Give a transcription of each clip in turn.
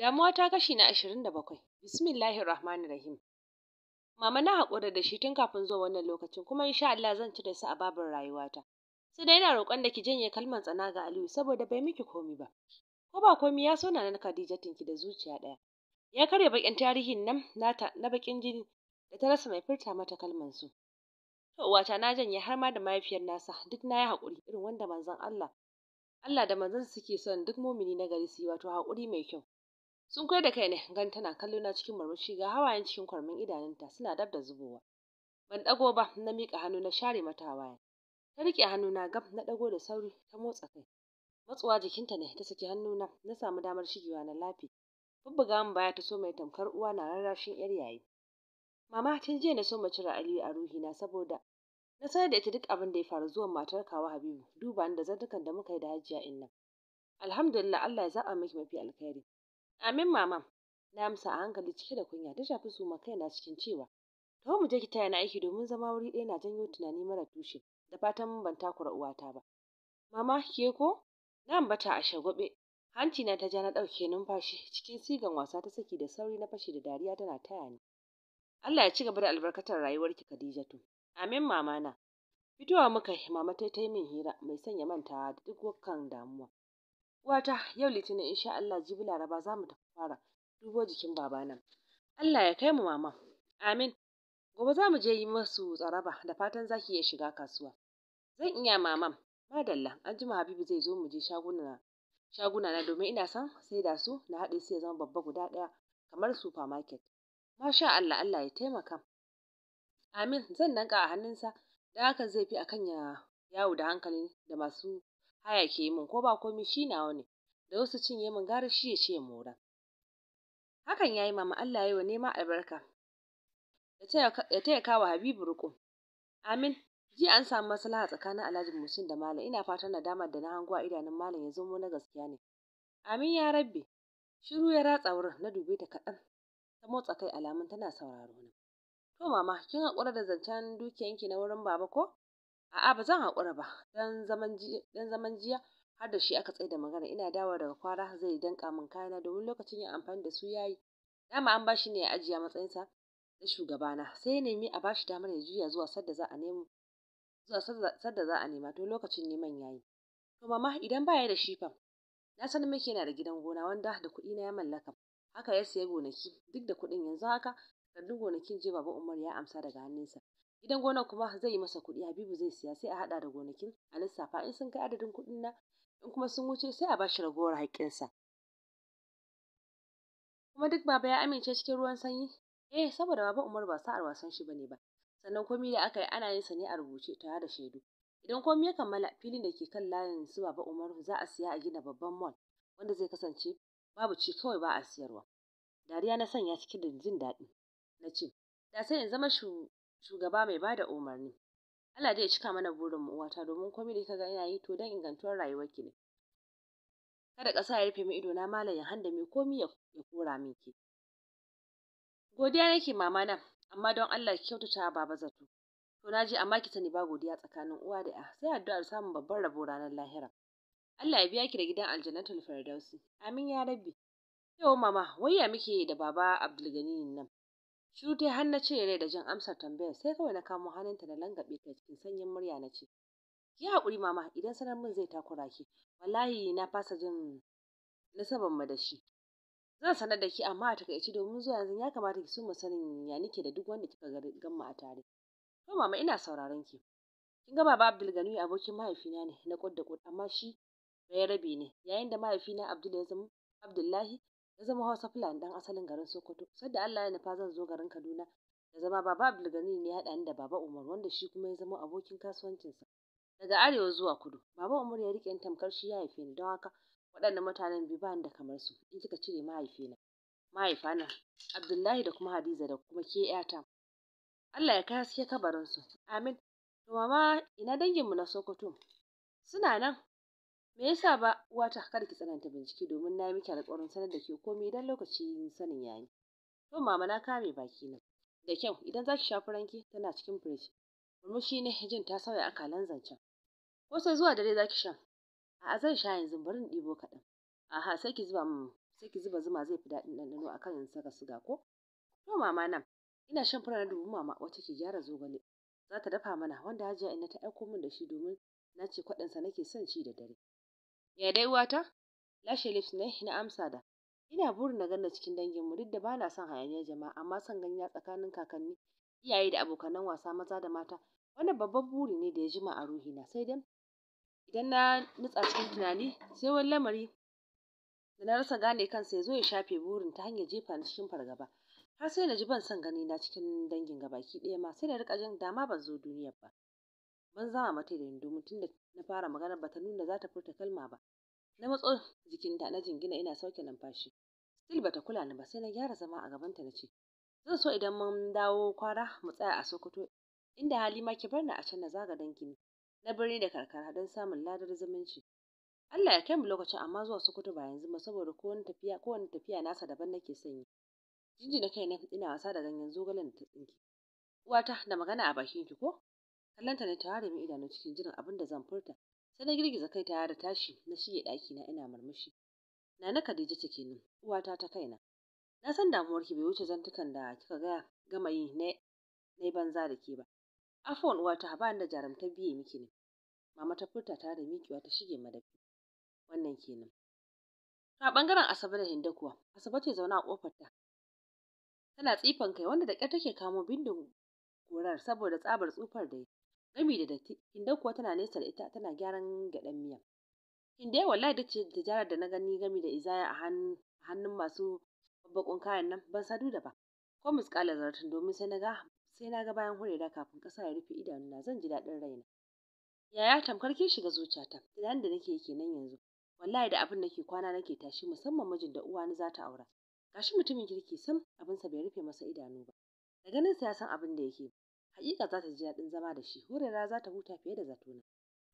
Damuwa ta kashi na ashirin da bakwai. Bismillahi Rahmanir Rahim. Mama na haƙura da shi tun kafin zuwa wannan lokacin kuma insha Allah zan cire su a babin rayuwata. Sai dai ina roƙon da ki janye kalmar tsana ga Aliyu saboda bai miki komi ba. Ko ba komi ya so na nan Khadijatin ki da zuciya ɗaya. Ya karya bakin tarihin nan nata na bakin jini da ta rasa mai furta mata kalmar su. To uwata na janye har ma da mahaifiyar nasa duk na yi haƙuri irin wanda manzon Allah Allah da manzon suke son duk mumini na gari su yi wato haƙuri mai kyau. sun koyar da kai ne gan tana kallo na cikin murmushi ga hawayen cikin kwarmin idanunta suna dab da zubowa ban dago ba na miƙa hannu na share mata waya. ta hannu na gab na dago da sauri ta motsa kai matsuwa jikinta ne ta saki hannu na na samu damar shigewa na lafi bubbuga min baya ta so mai tamkar uwa na rarrashin yar yayi mama tun jiya na so mu cire aliyu a na saboda na sanar da ita duk abin da ya faru zuwan matar kawa habibu duba da zartukan da muka yi da hajiya in inna alhamdulillah allah ya zaba miki mafi alkhairi Amin mama na amsa a hankali cike da kunya ta shafi suma kaina cikin cewa Ta mu je ki taya na aiki domin zama wuri ɗaya na janyo tunani mara tushe da fatan ban takura uwata ba. Mama ke ko? Na ambata a shagwaɓe. Hanci na ta ja na ɗauke numfashi cikin sigan wasa ta saki da sauri na fashe da dariya tana taya ni. Allah ya ci gaba da albarkatar rayuwarki Khadijatu. Amin mama na. Fitowa muka yi mama ta yi min hira mai sanya mantawa da duk wakkan damuwa. Uwata yau Litinin in sha Allah jibi Laraba za mu tafi fara dubo jikin babana. Allah ya kai mu mama. Amin. Gobe za mu je yi masu tsaraba da fatan zaki ki iya shiga kasuwa. Zan iya mamam. Madalla, anjima Habibu zai zo mu je shaguna shaguna na domin ina son sai da su na haɗe su ya zama babba guda ɗaya kamar supermarket. Masha Allah Allah ya taimaka. Amin zan danka a hannunsa da hakan zai fi akan ya yawo da hankali da masu haya ke min ko ba komai shi nawa ne da wasu cinye min gara shi ya ce mora hakan yayi mama Allah yayi wa nema albarka ya taya wa Habibu ruko amin ji an samu maslaha tsakanin Alhaji Musin da Malam ina fatan nadamar da na hango a idanun Malam ya zama na gaskiya ne amin ya rabbi shiru ya ratsa wurin na dube ta kaɗan ta motsa kai alamun tana sauraro ni to mama kin haƙura da zancen dukiyanki na wurin baba ko A'a ba zan haƙura ba, dan zaman jiya har da shi aka tsaida magana. Ina dawowa daga kwara zai danƙa min kayana domin lokacin yin amfani da su yayi. Dama an bashi ne ya ajiye a matsayinsa na shugabana. Sai ya nemi a bashi damar ya juya zuwa sadda za a nemo zuwa sadda za a nema to lokacin neman ya yi. To mama idan ba ya da shi fa? Na san Mike yana da gidan gona wanda da kuɗi na ya mallaka. Haka ya sayi gonaki duk da kuɗin. Yanzu haka takardun gonakin jiya Baba Umaru ya amsa daga hannunsa. Idan gonar kuma zai yi masa kuɗi Habibu zai siya sai a haɗa da gonakin a lissafa in sun kai adadin kuɗin na in kuma sun wuce sai a ba shi ragowar haƙƙinsa. Kuma duk baba ya amince cikin ruwan sanyi? Eh saboda baba Umar ba sa'ar wasan shi bane ba. Sannan komai da aka yi ana yin sa ne a rubuce tare da shaidu. Idan komai ya kammala filin da ke kan layin su baba Umar za a siya a gina babban mall wanda zai kasance babu ci kawai ba a siyarwa. Dariya na sanya cikin da jin daɗi. Na ce, da sai in zama shugaba mai bada umarni Allah zai ya cika mana burin mu uwata domin komai da kaga ina yi to dan ingantuwar rayuwar ki ne kada ƙasa ya rufe min ido na malam ya handa mai komai ya kora miki. godiya nake mama na amma don Allah ki kyautata baba zato to naji amma ki sani ba godiya tsakanin uwa da ya sai addu'ar samun babban rabo ranar lahira Allah ya biya ki da gidan aljannatul firdausi amin ya rabbi yau mama wayya muke da baba abdulgani nan Shiru ta har na cire rai da jin amsar tambayar sai kawai na kamo hannunta da langabe ta cikin sanyin murya na ce ki haƙuri mama idan sanar min zai takura ki wallahi na fasa jin nasaban mu da shi zan sanar da ki amma a takaici domin zuwa yanzu ya kamata ki mu sanin ya nike da duk wanda kika ga a tare to mama ina sauraron ki kin ga baba Abdul Gani abokin mahaifina ne na kudda kud amma shi bai rabe ne yayin da mahaifina Abdul ya zama Abdullahi Ya zama Hausa Fulani dan asalin garin Sokoto sadda Allah ya nufa zan zo garin Kaduna da zama Baba Abdulgani ne ya ni da Baba Umar wanda shi kuma ya zama abokin kasuwancinsa daga arewa zuwa kudu Baba Umar ya rike tamkar shi ya haife ni don haka waɗannan mutanen biyu ba da kamar su in kika cire mahaifina mahaifana Abdullahi da kuma Hadiza da kuma ke ƴata Allah ya kai haske kabarin su amin to mama ina danginmu na Sokoto suna nan Me yasa ba uwata kar ki tsananta bincike domin na yi miki alƙawarin sanar da ke komai idan lokacin sanin yayi? yi. To mama na kame baki na. Da kyau idan za ki sha furanki tana cikin firij. Murmushi ne jin ta sauya akalan zancen. Ko sai zuwa dare za ki sha. A'a zan sha yanzu bari in ɗibo kaɗan. Aha sai ki zuba sai ki zuba zuma zai fi daɗin ɗanɗano akan in saka suga ko? To mama na ina shan fura na dubu mama wacce ke gyara zogale. Za ta dafa mana wanda Hajiya ina ta aiko min da shi domin na ce kwaɗinsa nake son ci da dare. Ya dai wata? Lashe lips ne na amsa da. Ina burin na ganna cikin danginmu duk da ba na son hayaniyar jama'a amma son ganya tsakanin kakanni, iyaye da abokanan wasa maza da mata. Wannan babban buri ne da ya jima a na, sai dai idan na nutsa cikin tunani sai wani lamari da na rasa gane kansa ya zo ya shafe burin ta hanyar jefa ni cikin fargaba. Har sai na ji ban son ganina cikin dangin gabaki ɗaya ma sai na riƙa jin dama ban zo duniyar ba. ban zama mata da rundumi tun da na fara magana bata nuna za ta furta kalma ba na matso jikinta na jingina ina sauke numfashi still bata kula ni ba sai na gyara zama a gabanta na ce zan so idan mun dawo kwara mu tsaya a sokoto inda hali ma ki bar ni a can na zaga danki na birni da karkara don samun ladar zumunci Allah ya kai mu lokacin amma zuwa Sokoto ba yanzu ba saboda kowane tafiya kowane tafiya nasa daban nake sanyi. Jinjina kai na ina wasa da ganyen zogalen da ta tsinki. Uwata da magana a bakin ki ko? ta ne tare da idanu cikin jiran abin da zan furta sai na girgiza kai tare da tashi na shige daki na ina murmushi nana Khadija ce kenan uwata ta kaina na san ki bai wuce zantukan da kika ga gama yi na na banza da ke ba afwan uwata ba da jarumtar biye miki ne mama ta furta ta da mikiwa ta shige madafi wannan kenan a bangaren asabe da hinda kuwa asabe ce zauna a kofar ta tana tsifan kai wanda da ƙyar take kamo bindin korar, saboda tsabar tsufar da gami da datti inda kuwa tana nesa da ita tana gyaran gyaɗan miya Hindai wallahi dace ta jarar da na gani gami da izaya a hannun masu babbaƙun kayan nan ban sadu da ba ko misƙala zartin domin sai na ga sai na ga bayan hurera kafin ƙasa ya rufe idanu na, zan ji daɗin raina yaya tamkar ke shiga zuciyata tunanin da nake yake nan yanzu wallahi da abin nake kwana nake tashi musamman mijin da uwani za ta aura gashi mutumin kirki sam abinsa bai rufe masa idanu ba da ganin sa ya san abin da yake Haƙiƙa za ta ji daɗin zama da shi. Hurera za ta huta fiye da na.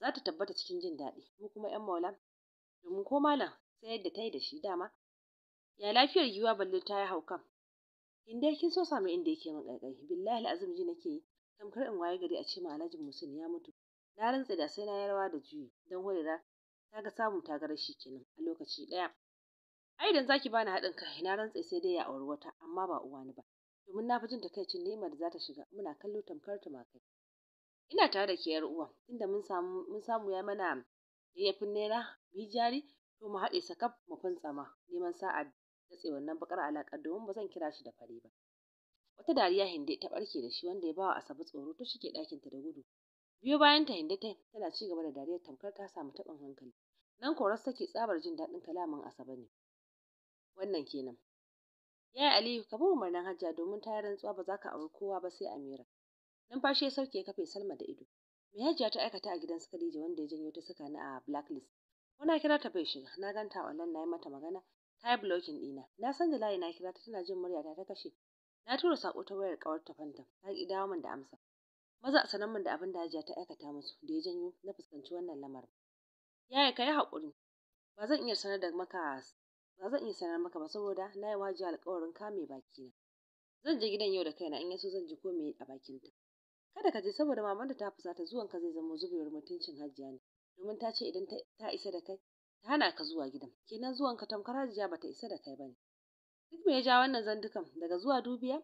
Za ta tabbata cikin jin daɗi. Mu kuma 'yan maula, domin ko malam sai yadda ta yi da shi dama. Ya lafiyar giwa balle ta yi haukan. In dai kin so samu inda yake min ƙaiƙai Billahi alazim ji nake yi. Tamkar in waye gari a ce ma Alhaji Musulmi, ya mutu. Na rantse da sai na yi rawa da juyi don hurera ta ga samun ta gara shi kenan a lokaci ɗaya. Ai idan zaki bani haɗin kai na rantse sai dai ya auri wata amma ba uwani ba. domin na fi jin takaicin ni'imar da za ta shiga muna kallo tamkar tumakai ina tare da ke yar uwa inda mun samu mun samu ya mana yayyafin naira biyu jari to mu haɗe sakaf mu funtsama neman sa'a datse wannan bakar alaka domin ba zan kira shi da fare ba wata dariya hinde ta barke da shi wanda ya bawa asabe tsoro ta shige ɗakinta da gudu biyo bayan ta hinde ta tana ci gaba da dariyar tamkar ta samu taɓin hankali nan koras take tsabar jin daɗin kalamin asabe ne wannan kenan Yaya Aliyu ka bi umarnin Hajiya domin ta yi rantsuwa ba za ka auri kowa ba sai Amira. Numfashi ya sauke ya kafe Salma da ido. Me Hajiya ta aikata a gidan su Khadija wanda ya janyo ta saka ni a blacklist. Ko na kira ta bai shiga, na ganta wannan na yi mata magana, ta yi blocking ɗina. Na san da layi na kira ta tana jin muryata ta kashe. Na tura saƙo ta wayar ƙawar ta Fanta, ta ki dawo min da amsa. Maza sanan min da abin da Hajiya ta aikata musu da ya janyo na fuskanci wannan lamarin. Yaya ka yi haƙuri, ba zan iya sanar da maka ba zan iya sanar maka ba saboda na yi waje alƙawarin kame bakina zan je gidan yau da kaina in yaso zan ji ko me a bakinta kada ka je saboda maman da ta fusata zuwan ka zai zama zubewar mutuncin hajiya ne domin ta ce idan ta isa da kai ta hana ka zuwa gidan kenan zuwan ka tamkar hajiya bata isa da kai ba ne. duk me ya ja wannan zandukan daga zuwa dubiya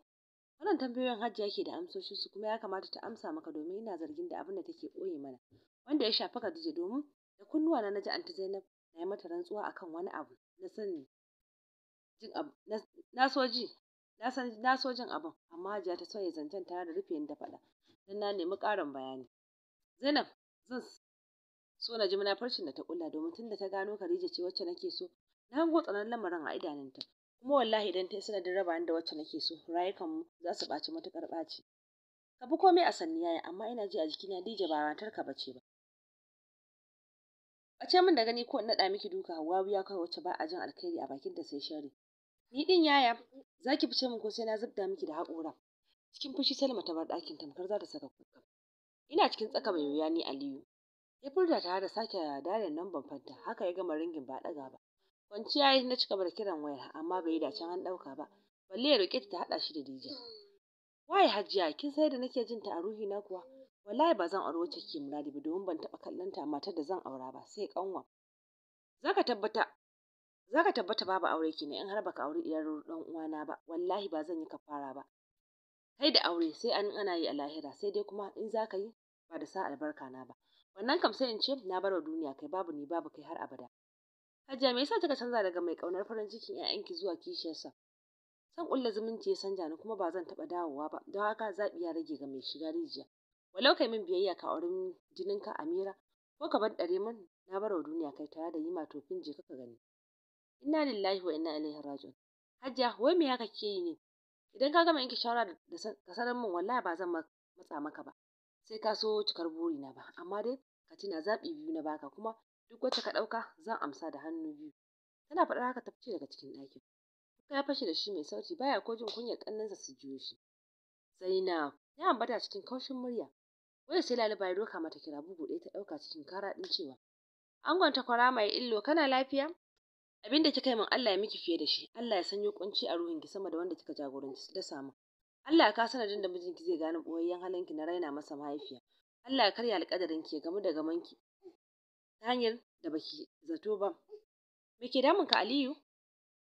wannan tambayoyin hajiya ke da amsoshi su kuma ya kamata ta amsa maka domin ina zargin da abin da take ɓoye mana wanda ya shafi Khadija domin da kunnuwana naji anti Zainab na yi mata rantsuwa akan wani abu na sani jin abu na so ji na san na so jin abin amma Hajiya ta soya zancen tare da rufe ni da faɗa don na nemi ƙarin bayani Zainab zan so na ji munafarcin da ta kulla domin tun da ta gano Khadija ce wacce nake so na hango tsanan lamarin a idanunta kuma wallahi idan ta yi sanadin raba ni da wacce nake so rayukan mu za su ɓaci matuƙar ɓaci ka bi komai a sanni amma ina ji a jikina Dija ba matarka bace ba A ce min da gani ko in naɗa miki duka Hauwa ya kai wacce ba a jin alkhairi a bakin bakinta sai shari. Ni din yaya zaki fice min ko sai na zubda miki da haƙora. Cikin fushi Salma ta bar ɗakin tamkar za ta saka kuka. Ina cikin tsaka mai wuya ni Aliyu. Ya furta tare da sake dalin nan ban fanta haka ya gama ringin ba ɗaga ba. Kwanciya yayi na cika da kiran wayar amma bai da can an ɗauka ba. Balle ya roƙe ta ta haɗa shi da Dija. Waye Hajiya kin sai da nake jin ta a na kuwa wallahi ba zan aure wacce ke muradi ba domin ban taɓa kallon ta matar da zan aura ba sai kanwa zaka tabbata zaka tabbata babu aure kenan in har baka aure iyar dan uwana ba wallahi ba zan yi kafara ba kai da aure sai an ana yi a lahira sai dai kuma in zaka yi ba da sa albarka na ba wannan kam sai in ce na wa duniya kai babu ni babu kai har abada Hajiya me yasa kika canza daga mai kaunar farin cikin ƴaƴanki zuwa kishiyarsa san ƙulla zumunci ya sanja ni kuma ba zan taɓa dawowa ba don haka zaɓi ya rage ga mai shiga rijiya walau kai min biyayya ka auri jininka Amira ko ka bar dare min na barwa duniya kai tare da yima tofin je ka gani inna lillahi wa inna ilaihi raji'un Hajiya wai me haka kike yi ne idan ka gama yanke shawara da sanar min wallahi ba zan matsa maka ba sai ka so cikar buri na ba amma dai ka tuna zaɓi biyu na baka kuma duk wacce ka ɗauka zan amsa da hannu biyu tana faɗar haka ta fice daga cikin ɗakin ya fashe da shi mai sauti baya ko jin kunyar ƙannensa su jiyo shi Zainab ya ambata cikin kaushin murya wai sai Laliba ya doka mata kira bugu ɗaya ta ɗauka cikin kara ɗin cewa angon ta kwara mai illo kana lafiya abin da kika yi min Allah ya miki fiye da shi Allah ya sanyo kunci a ruhinki sama da wanda kika jagoranci da samu Allah ya ka sanadin da mijinki zai gane boyayyen halinki na raina masa mahaifiya Allah ya karya alƙadarinki ya gamu da gamanki ta hanyar da baki zato ba me ke damun ka Aliyu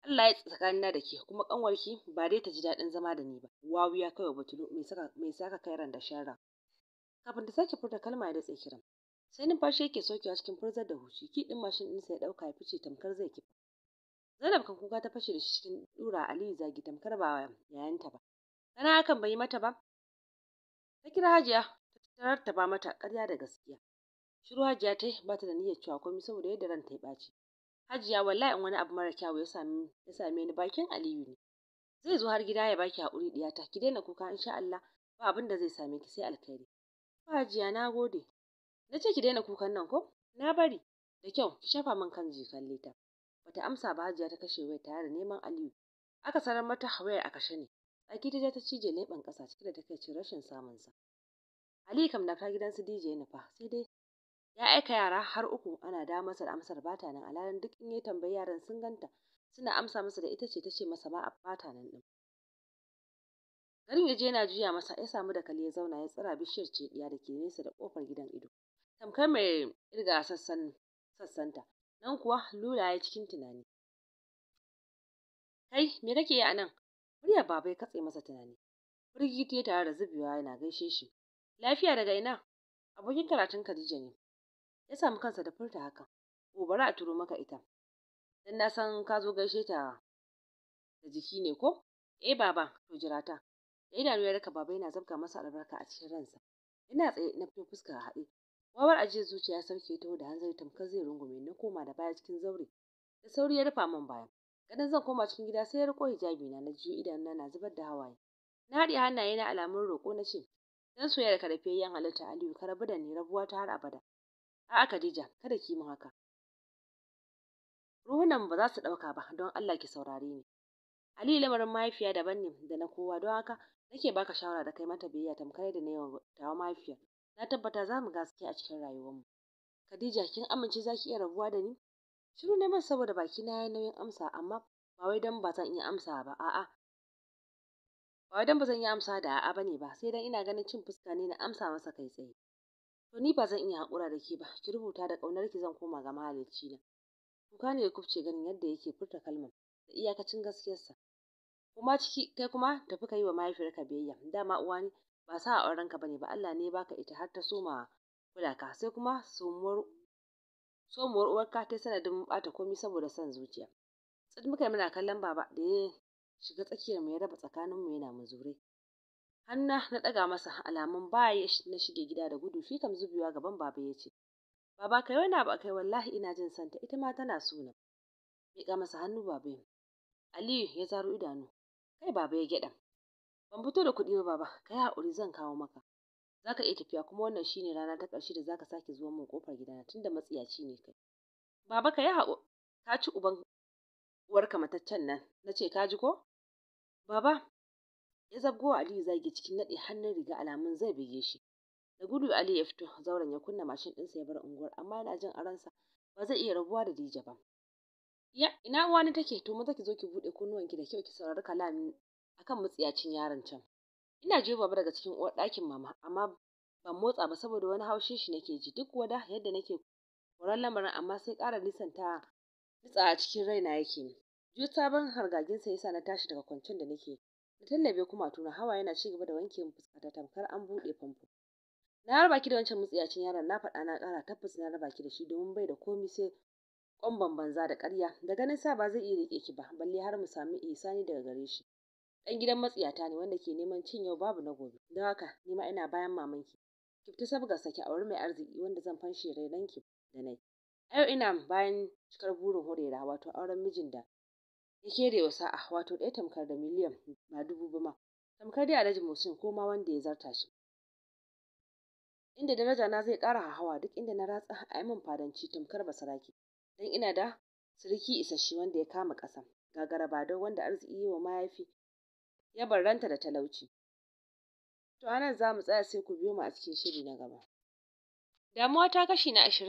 Allah ya tsakanina da ke kuma kanwarki ba dai ta ji daɗin zama da ni ba wawiya kawai batulu mai saka mai saka kairan da sharra kafin ta sake furta kalma da tsikirin sai numfashi yake sokewa cikin furzar da hushi ki din mashin din sai dauka ya fice tamkar zai kifa Zainab kan kuka ta fashe da shi cikin dura Aliyu zagi tamkar ba yayanta ba kana hakan bai mata ba ta kira Hajiya ta ta ba mata ƙarya da gaskiya shiru Hajiya ta ba ta da niyyar cewa komai saboda yadda ranta ya ɓaci Hajiya wallahi in wani abu mara kyau ya sami ya same ni bakin Aliyu ne zai zo har gida ya baki haƙuri diyata ki daina kuka insha Allah ba abin da zai same ki sai alkhairi Hajiya na gode. Na ce ki daina kukan nan ko? Na bari. Da kyau, ki shafa min kan jikan leta. Bata amsa ba Hajiya ta kashe wayar tare da neman Aliyu. Aka sanar mata wayar a kashe ne. Tsaki ta je ta cije leɓen ƙasa cike da takaicin rashin samun sa. Aliyu kam na ka gidan su DJ ne fa, sai dai ya aika yara har uku ana da masa amsar bata nan alaran duk in ya tambayi yaran sun ganta suna amsa masa da ita ce ta ce masa a bata nan din. Garin ya je yana juya masa ya samu dakali ya zauna ya tsira bishiyar cediya da ke nesa da kofar gidan ido. Tamkar mai irga sassan sassanta. Nan kuwa lula ya cikin tunani. Kai me kake yi a nan? Muryar baba ya katse masa tunani. Firgiti ya tare da zubewa yana gaishe shi. Lafiya daga ina? Abokin karatun Khadija ne. Ya samu kansa da furta haka Gobara oh, a turo maka ita. Dan na san ka zo gaishe ta da jiki ne ko? Eh baba, to jira ta. da idanu ya raka baba yana zabga masa albarka a cikin ransa ina tsaye na fito fuska a haɗe wawar ajiyar zuciya ya sauke ta da hanzari tamkar zai rungume na koma da baya cikin zaure da sauri ya rufa min baya kadan zan koma cikin gida sai ya riko hijabi na na jiyo idanu na zubar da hawaye na haɗe hannaye na alamun roƙo na ce dan soyayya ka da fiyayyen halitta Aliyu ka rabu da ni rabuwa ta har abada a'a Khadija kada ki min haka ruhunan ba za su ɗauka ba don Allah ki saurare ni Aliyu lamarin mahaifiya daban ne da na kowa don haka nake baka shawara da kai mata biyayya tamkar yadda na yi wa tawa mafiya. na tabbata za mu gaskiya a cikin rayuwar mu Khadija kin amince zaki iya rabuwa da ni shiru neman saboda baki na yayi nauyin amsa amma ba wai dan ba zan iya amsa ba a'a ba wai dan ba zan iya amsa da a'a bane ba sai dan ina ganin cin fuska ne na amsa masa kai tsaye to ni ba zan iya hakura da ke ba ki rubuta da kaunar ki zan koma ga mahalicci na kuka ne ya kubce ganin yadda yake furta kalmar da iyakacin gaskiyarsa kuma ciki kai kuma tafi ka yi wa mahaifiyarka biyayya dama uwa ne ba sa auren ka bane ba Allah ne baka ita har ta soma kula sai kuma somuwar somuwar uwarka ta sanadin bata komai saboda san zuciya sai muka yi muna kallon baba da ya shiga tsakiyar mu ya raba tsakanin mu yana muzurai hanna na daga masa alamun ba na shige gida da gudu shi kam zubewa gaban baba ya ce baba kai wani ba kai wallahi ina jin santa ita ma tana suna miƙa masa hannu baba Aliyu ya zaro idanu kai baba ya gyaɗa ban fito da kuɗi ba baba kai haƙuri zan kawo maka za ka iya tafiya kuma wannan shine rana ta ƙarshe da za ka sake zuwa min ƙofar gidana tunda matsiyaci ne kai baba ka yi haƙo ka ci uban uwarka mataccen nan na ce ka ji ko baba ya zabgo aliyu zagi cikin naɗe hannun riga alamun zai bige shi da gudu aliyu ya fito zauren ya kunna mashin ɗinsa ya bar unguwar amma yana jin a ba zai iya rabuwa da dija ba ina ne take to maza ki zo ki buɗe ki da kyau ki saurari kalamin akan mutsiyacin yaron can ina je baba daga cikin uwar ɗakin mama amma ban motsa ba saboda wani haushin shi nake ji duk wada yadda nake koran lamarin amma sai ƙara nisanta nitsa a cikin raina yake jiyo sabon hargaginsa yasa na tashi daga kwancen da nake na tallabe kuma tuna hawa yana ci gaba da wanke fuskata tamkar an buɗe famfo na raba ki da wancan mutsiyacin yaron na faɗa na ƙara tabbas na raba ki da shi domin bai da komai sai ƙwamban banza da ƙarya da ganin sa ba zai iya riƙe ki ba balle har mu sami ihsani daga gare shi Ɗan gidan matsiyata ne wanda ke neman cin yau babu na gobe don haka ni ma ina bayan mamanki ki fita sabga saki wuri mai arziki wanda zan fanshe rainanki da nai a yau ina bayan cikar burin horera wato auren mijin da ya kere wa sa'a wato ɗaya tamkar da miliyan na dubu ba ma tamkar dai alhaji musin ko ma wanda ya zarta shi inda daraja na zai ƙara hawa duk inda na ratsa a yi min fadanci tamkar basaraki don ina da siriki isasshe wanda ya kama ƙasa ga don wanda arziki yi wa mahaifi ya barranta da talauci to anan za mu tsaya sai ku biyo mu a cikin shiri na gaba damuwa ta kashi na ashirin